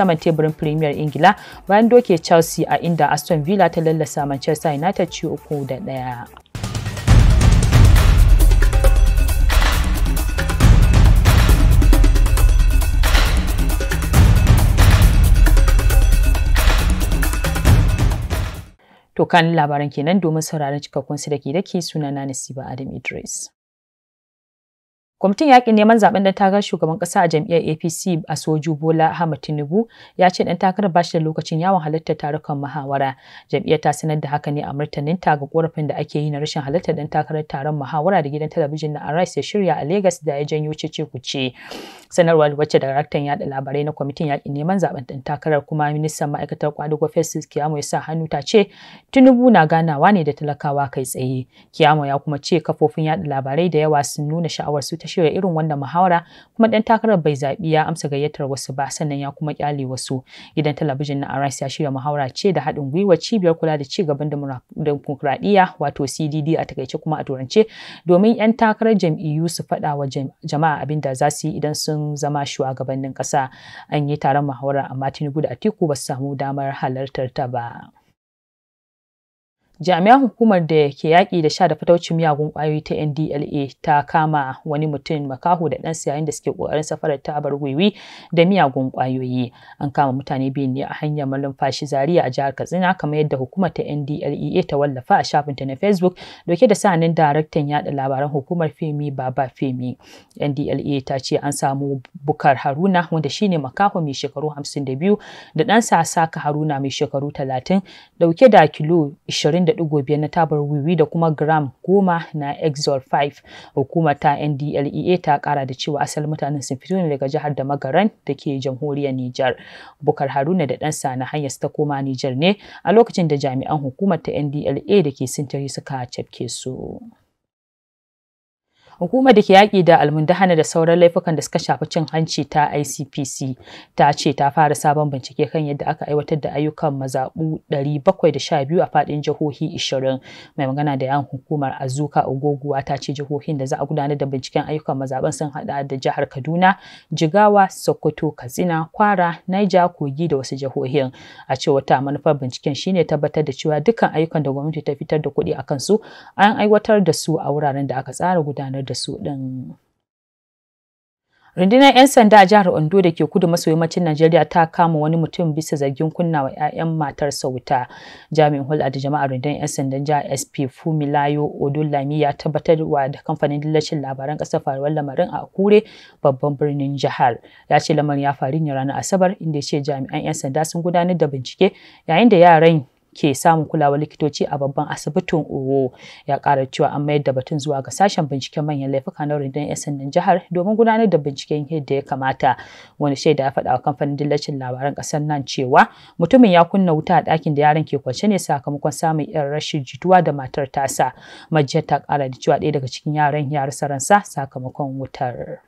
saman teburin Premier Ingila bayan doke Chelsea a inda Aston Villa ta lallasa Manchester United ci uku da ɗaya. To kan labaran kenan domin sauraron cikakkun su da ke dake sunana Nasiba Adam Idris. Kwamitin yakin neman zaben dan takarar shugaban kasa a jam'iyyar APC a Soju Bola Ahmed Tinubu ya ce dan takarar bashi da lokacin yawon halartar tarukan muhawara. Jam'iyyar ta sanar da haka ne a martanin ta ga korafin da ake yi na rashin halartar dan takarar taron muhawara da gidan talabijin na Arise ya shirya a Lagos da ya janyo cece kuce. Sanarwar wacce daraktan yaɗa labarai na kwamitin yakin neman zaben dan takarar kuma ministan ma'aikatar kwadugo Festus Kiyamo ya sa hannu ta ce Tinubu na ganawa ne da talakawa kai tsaye. Kiyamo ya kuma ce kafofin yaɗa labarai da yawa sun nuna sha'awar su ta shirya irin wannan muhawara kuma dan takarar bai zaɓi ya amsa gayyatar wasu ba sannan ya kuma kyale wasu gidan talabijin na Arise ya shirya muhawara ce da haɗin gwiwa cibiyar kula da ci gaban demokradiya wato CDD a takaice kuma a turance domin 'yan takarar jam'iyyu su faɗa wa jama'a abinda da za su yi idan sun zama shugabannin ƙasa an yi taron muhawara amma Tinubu da Atiku ba su samu damar halartar ta ba. Jami'an hukumar da ke yaƙi da sha da fataucin miyagun ƙwayoyi ta NDLA ta kama wani mutum makaho da ɗansa yayin da suke ƙoƙarin safarar tabar wiwi da miyagun ƙwayoyi. An kama mutane biyu ne a hanyar fashi Zaria a jihar Katsina kamar yadda hukumar ta ndla ta wallafa a shafinta na Facebook dauke da sanin daraktan yaɗa labaran hukumar Femi Baba Femi. ndla ta ce an samu Bukar Haruna wanda shine makaho mai shekaru 52 da ɗansa Saka Haruna mai shekaru talatin dauke da kilo 20 1.5 na tabar wiwi da kuma gram 10 na exol 5 hukumar ta ndlea ta kara da cewa asalin mutanen sun fito ne daga jihar da magaran da ke jamhuriyar nijar bukar haruna da ɗansa na hanyar ta koma nijar ne a lokacin da jami'an hukumar ta ndla e da ke sintiri suka cafke su Hukumar da ke yaƙi da almundahana da sauran laifukan da suka shafi cin hanci ta ICPC ta ce ta fara sabon bincike kan yadda aka aiwatar da ayyukan mazaɓu 712 a faɗin jihohi 20. Mai magana da yan hukumar Azuka Ogoguwa ta ce jihohin da za a gudanar da binciken ayyukan mazaɓen sun haɗa da jihar Kaduna, Jigawa, Sokoto, Katsina, Kwara, Niger, Kogi da wasu jihohin. A ce wata manufar binciken shine tabbatar da cewa dukkan ayyukan da gwamnati ta fitar da kuɗi a kansu an aiwatar da su a wuraren da aka tsara gudanar da da su ɗin. Rundunar 'yan sanda a jihar Ondo da ke kudu maso yammacin Najeriya ta kama wani mutum bisa zargin kunnawa 'ya'yan matar wuta. Jami'in hulɗa da jama'a rundunar 'yan sandan jihar SP Fumilayo Odunlami ya tabbatar wa da kamfanin dillacin labaran ƙasa faruwar lamarin a Akure babban birnin jihar. Ya ce lamarin ya faru ne ranar Asabar inda ya ce jami'an 'yan sanda sun gudanar da bincike yayin da yaran ke samun kulawar likitoci a babban asibitin Owo ya ƙara cewa an mayar da batun zuwa ga sashen binciken manyan laifuka na rundunar 'yan sandan jihar domin gudanar da binciken yadda ya kamata. Wani shaida ya faɗa wa kamfanin dillacin labaran ƙasar nan cewa mutumin ya kunna wuta a ɗakin da yaran ke kwance ne sakamakon samun irin rashin jituwa da matar tasa. Majiyar ta ƙara da cewa ɗaya daga cikin yaran ya rasa ransa sakamakon wutar.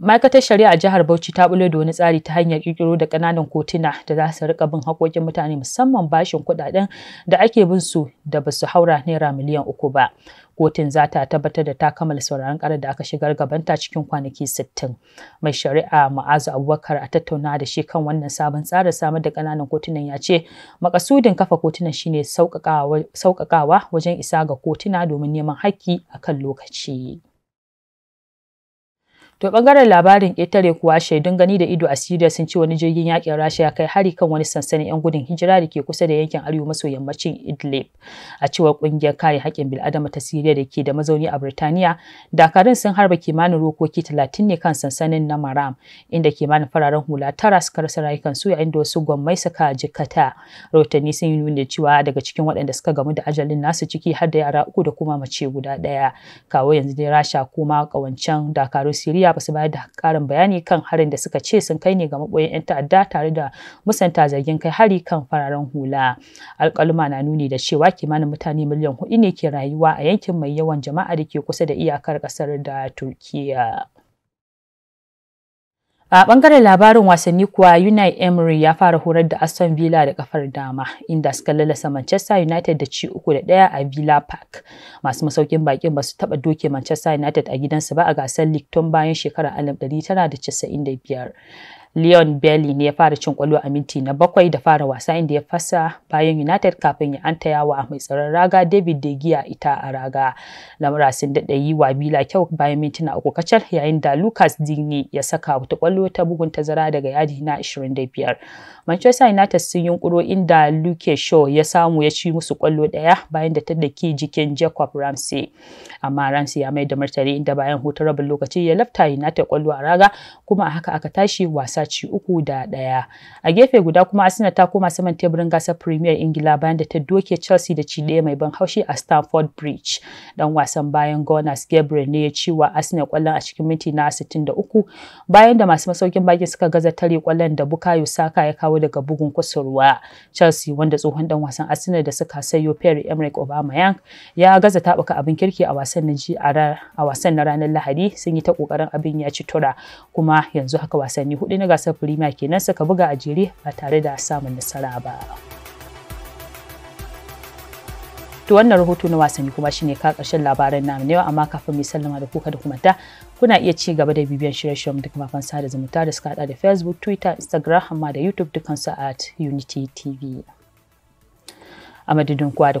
Ma'aikatar Shari'a a jihar Bauchi ta bulo da wani tsari ta hanyar kirkiro da kananan kotuna da za su rika bin haƙoƙin mutane musamman bashin kuɗaɗen da ake bin su da ba su haura naira miliyan uku ba. Kotun za ta tabbatar da ta kammala sauraron ƙarar da aka shigar gabanta cikin kwanaki 60. Mai shari'a Ma'azu Abubakar a tattauna da shi kan wannan sabon tsarin samar da kananan kotunan ya ce makasudin kafa kotunan shine sauƙaƙawa wajen isa ga kotuna domin neman haƙƙi akan lokaci. To bangaren labarin ƙetare kuwa shaidun gani da ido a syria sun ce wani jirgin yakin Rasha ya kai hari kan wani sansanin 'yan gudun hijira da ke kusa da yankin arewa maso yammacin Idlib. A cewar ƙungiyar kare haƙƙin bil'adama ta syria da ke da mazauni a Birtaniya, dakarun sun harba kimanin rokoki talatin ne kan sansanin na Maram, inda kimanin fararen hula tara suka rasa su yayin da wasu gwammai suka jikkata. Rahotanni sun yi nuni da cewa daga cikin waɗanda suka gamu da ajalin nasu ciki har da yara uku da kuma mace guda ɗaya. Kawo yanzu dai Rasha kuma ƙawancen dakarun syria. Najeriya ba su bayar da karin bayani kan harin da suka ce sun kai ne ga maboyan 'yan ta'adda tare da musanta zargin kai hari kan fararen hula. Alƙaluma na nuni da cewa kimanin mutane miliyan hudu ne ke rayuwa a yankin mai yawan jama'a da ke kusa da iyakar ƙasar da Turkiyya. A ɓangaren labarin wasanni kuwa Unai Emery ya fara horar da Aston Villa da kafar dama inda suka lalasa Manchester United da ci uku da ɗaya a Villa Park. Masu masaukin bakin ba su taɓa doke Manchester United a gidansu ba a gasar League tun bayan shekarar 1995. Leon Bailey ne ya fara cin kwallo a minti na bakwai da fara wasa inda ya fasa bayan United kafin ya antayawa a mai tsaron raga David De Gea ita a raga. Lamura sun daɗa yi wa Bila kyau bayan mintuna uku kacal yayin da Lucas Digne ya saka wata kwallo ta bugun tazara daga yadi na 25. Manchester United sun yunkuro inda Luke Shaw ya samu ya ci musu kwallo ɗaya bayan da ta daki jikin Jacob Ramsey. Amma Ramsey ya mai da martani inda bayan hutar rabin lokaci ya lafta United kwallo a raga kuma a haka aka tashi wasa bisa uku da ɗaya. A gefe guda kuma Arsenal ta koma saman teburin gasar Premier Ingila bayan da ta doke Chelsea da ci daya mai ban haushi a Stamford Bridge. Dan wasan bayan Gunners Gabriel ne ya ci wa Arsenal kwallon a cikin minti na 63 bayan da masu masaukin baki suka gaza tare kwallon da Bukayo Saka ya kawo daga bugun kusurwa. Chelsea wanda tsohon dan wasan Arsenal da suka sayo Pierre Emerick Aubameyang ya gaza taɓuka abin kirki a wasan na ji a wasan na ranar Lahadi sun yi ta kokarin abin ya ci tura kuma yanzu haka wasanni hudu na gasar firima kenan suka buga a jere ba tare da samun nasara ba. To wannan rahoto na wasanni kuma shine ka ƙarshen labaran namu ne amma kafin mu sallama da kuka da kuma ta kuna iya ci gaba da bibiyan shirye-shiryen duk mafan sada zumunta da suka da Facebook, Twitter, Instagram amma da YouTube dukansu at Unity TV. A madadin da